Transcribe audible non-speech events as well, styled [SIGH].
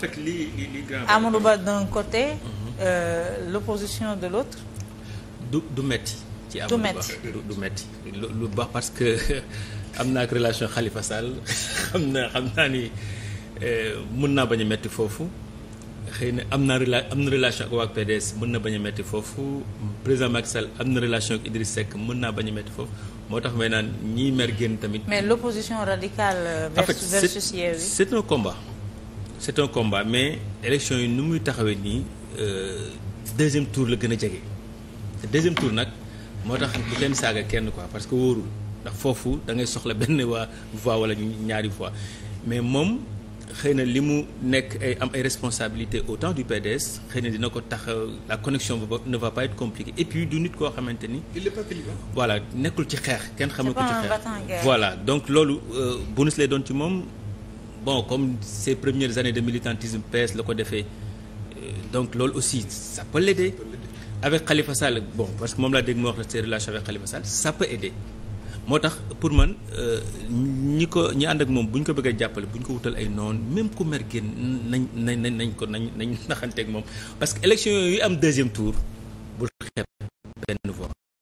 fait lii Ba d'un côté. Mm -hmm. euh, l'opposition de l'autre. du du metti. ci Amadou Ba du metti lu baax parce que [LAUGHS] am naa ak relation xalifa Sall xam [LAUGHS] na xam naa ni euh, mën naa bañ a metti foofu xëy na am naa rela am na relation ak waa PDS mën na bañ a metti foofu président Macky Sall am na relation ak Idriss Seck mën naa bañ a metti foofu. moo tax may naan ñii mer génn tamit. mais l'opposition radicale. Euh, versus versus Yewwi c'est un combat mais élection yi nu muy taxawee nii euh, deuxième tour la gën a jege te deuxième tour nag moo tax bu kenn saaga kenn quoi parce que wóorul ndax foofu da ngay soxla benn waa voix wala ñaari voix mais moom xëy na li mu nekk ay am ay responsabilités au temps du PDS xëy na dina ko tax la connexion ne va pas être compliquée et puis du nit koo xamante ni. voilà nekkul ci xeex kenn xamul ko ci xeex voilà donc loolu euh, bonus lay doon ci moom. bon comme ses premières années de militantisme PS la ko defee euh, donc loolu aussi ça peut l'aider avec Khalifa Sall bon parce que moom laa dégg mu wax la ses relations avec Khalifa Sall ça peut moo tax pour man euh, ñi ko ñi ànd ak moom buñ ko bëggee jàppale bu ñu ko wutal ay noon même ku mer nañ nañ nañ ko nañ nañ naxanteeg moom parce que élection yooyu am deuxième tour bul xeeb